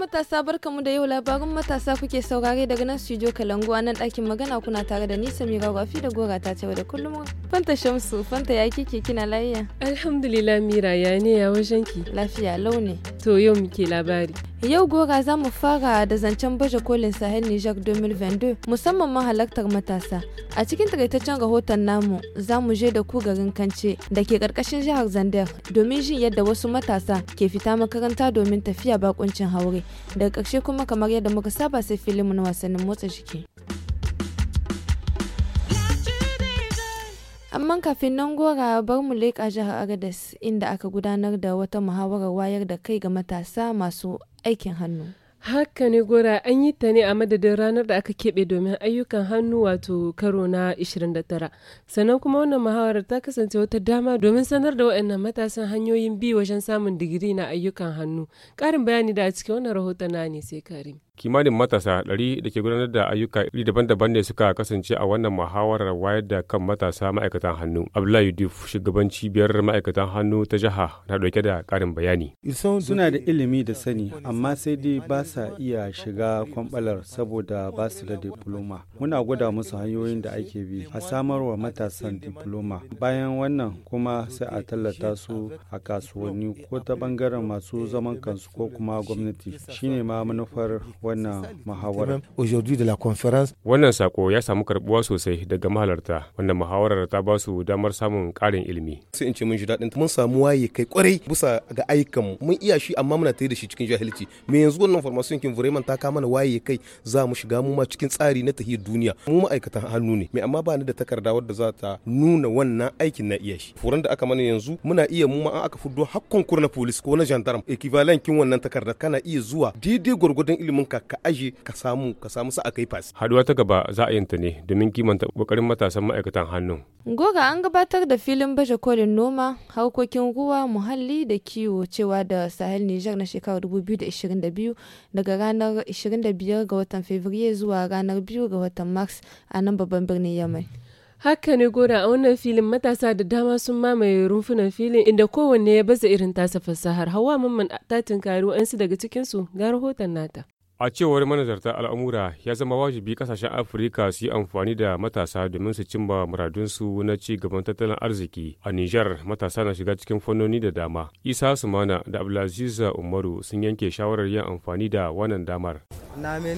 matasa barkamu da yau labarin matasa kuke saurare daga nan studio kalangu nan ɗakin magana kuna tare da nisa mai ragwafi da gora ta cewa da kullum fanta shamsu fanta ya kike kina lafiya alhamdulillah mira ya ne ya wajen ki lafiya launi. To yau muke labari. Yau gora za mu fara da zancen baje kolin Sahel Nijar 2022 musamman ma halartar matasa. A cikin taƙaitaccen rahoton namu za mu je da ku garin Kance da ke karkashin jihar Zandar domin jin yadda wasu matasa ke fita makaranta domin tafiya bakuncin haure. Daga ƙarshe kuma kamar yadda muka saba sai filin na wasannin motsa jiki. Amma kafin nan gora bar mu leƙa jihar Agadez inda aka gudanar da wata muhawarar wayar da kai ga matasa masu aikin hannu. Haka ne gora an yi ta ne a madadin ranar da aka keɓe domin ayyukan hannu wato karo na 29. Sannan kuma wannan muhawarar ta kasance wata dama domin sanar da waɗannan matasan hanyoyin bi wajen samun digiri na ayyukan hannu. Ƙarin bayani da a cikin wannan rahoton na ne sai Karim. kimanin matasa 100 da ke gudanar da ayyuka iri daban-daban ne suka kasance a wannan muhawarar wayar da kan matasa ma'aikatan hannu abdullahi duf shugaban cibiyar ma'aikatan hannu ta jiha na dauke da karin bayani suna da ilimi da sani amma sai dai ba sa iya shiga kwambalar saboda ba su da diploma muna gwada musu hanyoyin da ake bi a samar wa matasan diploma bayan wannan kuma sai a tallata su a kasuwanni ko ta bangaren masu zaman kansu ko kuma gwamnati shine ma manufar wannan muhawarar. Wannan sako ya samu karbuwa sosai daga mahalarta wannan muhawarar ta ba su damar samun karin ilimi. Sai in ce mun ji daɗin mun samu waye kai kwarai bisa ga ayyukan mu mun iya shi amma muna tare da shi cikin jahilci me yanzu wannan formation kin vraiment ta kama mana waye kai za mu shiga mu ma cikin tsari na tahiyar duniya mu ma'aikatan hannu ne me amma ba ni da takarda wadda za ta nuna wannan aikin na iya shi. Furan da aka mana yanzu muna iya mu ma aka fuddo hakkon kur na police ko na gendarme equivalent kin wannan takarda kana iya zuwa daidai gwargwadon ilimin ka ka aje ka samu ka samu sa'a kai fasi haduwa ta gaba za a yanta ne domin kimanta kokarin matasan ma'aikatan hannu goga an gabatar da filin baje kolin noma harkokin ruwa muhalli da kiwo cewa da sahel niger na shekarar 2022 daga ranar 25 ga watan Fabrairu zuwa ranar 2 ga watan mars a nan babban birnin yamai Haka ne gora a wannan filin matasa da dama sun mamaye rumfunan filin inda kowanne ya baza irin tasa fasahar hawa mamman tatin karu 'yansu daga cikinsu ga rahoton nata. A cewar manazarta al'amura ya zama wajibi kasashen Afirka su yi amfani da matasa domin su cimma muradunsu na ci gaban tattalin arziki. A Nijar matasa na shiga cikin fannoni da dama. Isa Sumana da Abdulaziz Umaru sun yanke shawarar yin amfani da wannan damar.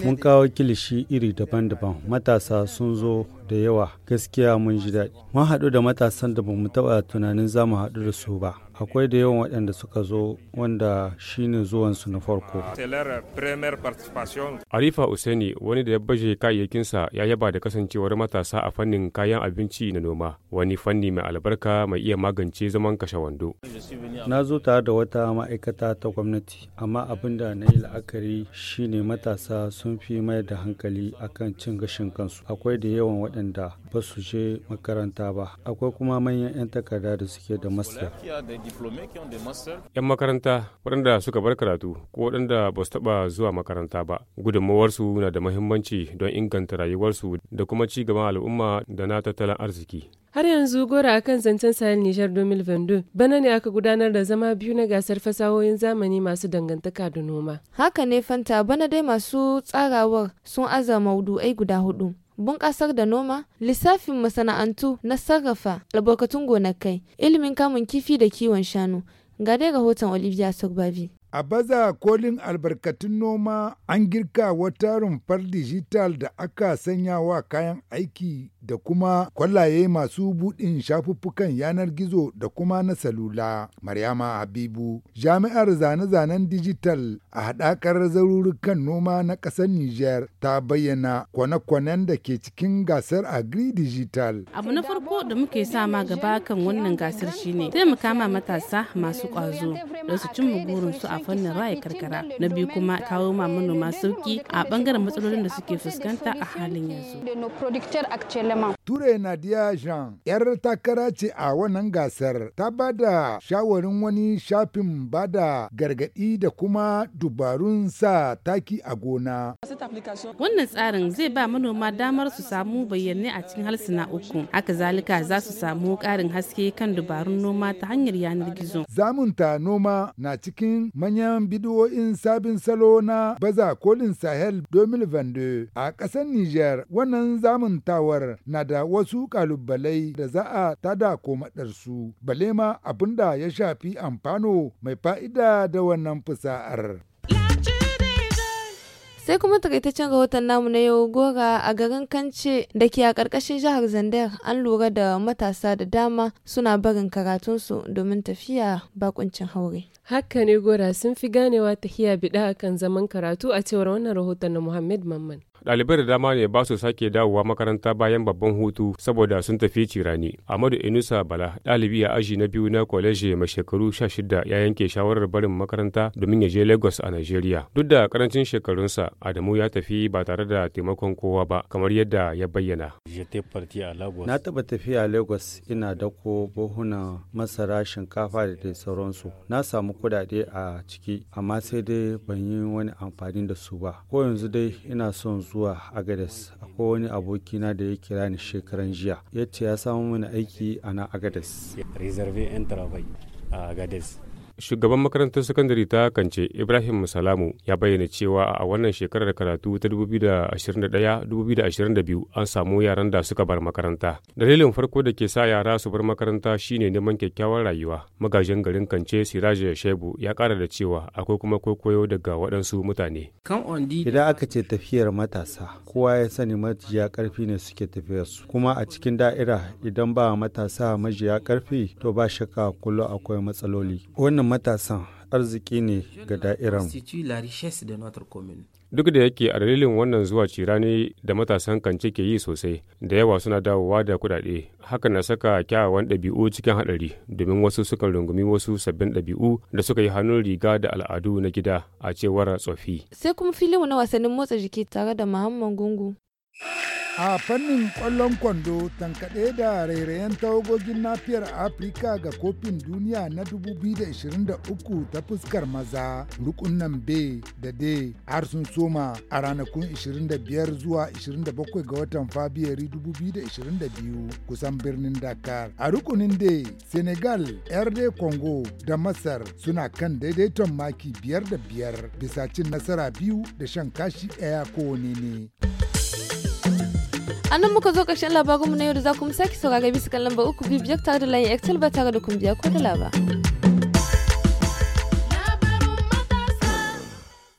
Mun kawo kilishi iri daban-daban matasa sun zo da yawa gaskiya mun ji daɗi. Mun haɗu da matasan da mu taɓa tunanin za mu haɗu da su ba. Akwai da yawan waɗanda suka zo wanda shine zuwansu na farko. Arifa Useni wani da ya baje kayayyakinsa ya yaba da kasancewar matasa a fannin kayan abinci na noma wani fanni mai albarka mai iya magance zaman kashe wando. Na zo tare da wata ma'aikata ta gwamnati amma abin da na yi la'akari shine matasa matasa sun fi mai da hankali akan cin gashin kansu akwai da yawan waɗanda ba su je makaranta ba akwai kuma manyan 'yan takarda da suke da master yan makaranta waɗanda suka bar karatu ko waɗanda ba su taɓa zuwa makaranta ba gudunmawarsu na da muhimmanci don inganta rayuwarsu da kuma ci gaban al'umma da na tattalin arziki har yanzu gora akan zancen sahel nijar 2022 bana ne aka gudanar da zama biyu na gasar fasahohin zamani masu dangantaka da noma haka ne fanta bana dai masu masu tsarawar sun aza maudu'ai guda hudu. bunƙasar da noma, lissafin masana'antu na sarrafa albarkatun gonakai, ilimin kamun kifi da kiwon shanu. Ga dai rahoton Olivia Sogbavi. A baza kolin albarkatun noma an girka wata rumfar dijital da aka sanya wa kayan aiki da kuma kwallaye masu buɗin shafuffukan yanar gizo da kuma na salula. Maryama Habibu, jami'ar zane-zanen dijital a haɗakar zarurukan noma na ƙasar Nijar ta bayyana kwane-kwanen da ke cikin gasar Agri Digital. Abu na farko da muke sama gaba kan wannan gasar shine taimaka ma matasa masu ƙwazo da su cimma burinsu a fannin raya karkara na biyu kuma kawo ma manoma sauki a bangaren matsalolin da suke fuskanta a halin yanzu ture nadia jean yar takara ce a wannan gasar ta ba da shawarin wani shafin ba da gargadi da kuma dubarun sa taki a gona wannan tsarin zai ba manoma damar su samu bayyane a cikin harsuna uku haka zalika za su samu karin haske kan dubarun noma ta hanyar yanar gizo zamunta noma na cikin manyan manyan bidiyoyin sabin salo na baza kolin Sahel 2022 a ƙasar Nijar wannan zamantawar na da wasu ƙalubalai da za a tada komaɗarsu, bale ma abinda ya shafi amfano mai fa'ida da wannan fusa'ar. Sai kuma takaitaccen rahoton namu na yau gora a garin Kance da ke a ƙarƙashin jihar Zandar an lura da matasa da dama suna barin karatunsu domin tafiya bakuncin haure. Haka ne gora sun fi ganewa tahiya biɗa akan zaman karatu a cewar wannan rahoton na Muhammad Mamman. ɗalibai da dama ne ba su sake dawowa makaranta bayan babban hutu saboda sun tafi cirani. Amadu Inusa Bala, ɗalibi a aji na biyu na kwaleji mai shekaru shida ya yanke shawarar barin makaranta domin ya je Lagos a Najeriya. Duk da karancin shekarunsa, Adamu ya tafi ba tare da taimakon kowa ba, kamar yadda ya bayyana. Na taɓa tafiya Lagos ina dako buhunan masara, shinkafa da dai sauransu. Na samu kuɗaɗe a ciki, amma sai dai ban yi wani amfani da su ba. Ko yanzu dai ina son zuwa Agades akwai wani abokina da ya kira ni shekaran jiya yace ya samu mana aiki a na Agades. Shugaban makarantar sakandare ta Kance Ibrahim Salamu ya bayyana cewa a wannan shekarar karatu ta 2021-2022 an samu yaran da suka bar makaranta. Dalilin farko da ke sa yara su bar makaranta shine neman kyakkyawar rayuwa. Magajin garin Kance Siraje Shebu ya kara da cewa akwai kuma kwaikwayo daga waɗansu mutane. Idan aka ce tafiyar matasa, kowa ya sani majiya karfi ne suke tafiyar su. Kuma a cikin da'ira idan ba matasa majiya karfi to ba shaka kullum akwai matsaloli. Wannan Wannan matasan arziki ne ga da'iran. Duk da yake a dalilin wannan zuwa cira ne da matasan kance ke yi sosai, da yawa suna dawowa da kudade, haka na saka kyawawan ɗabi'u cikin haɗari domin wasu sukan rungumi wasu sabbin ɗabi'u da suka yi hannun riga da al'adu na gida a cewar tsofi. Sai kuma filin na wasannin motsa jiki tare da Muhammad Gungu. a fannin ƙwallon kwando tankaɗe da rairayen tawagogin nafiyar afirka ga kofin duniya na 2023 ta fuskar maza rukunan b da d har soma a ranakun 25 zuwa 27 ga watan fabiyari 2022 kusan birnin dakar a rukunin d senegal rd congo da masar suna kan daidaiton maki biyar da biyar bisa cin nasara biyu da shan kashi ɗaya kowane ne. a muka zo ƙarshen labarinmu na yau da za ku sake saurare bisa kan lamba uku biyu biyar tare da layin excel ba tare da biya ko da laba.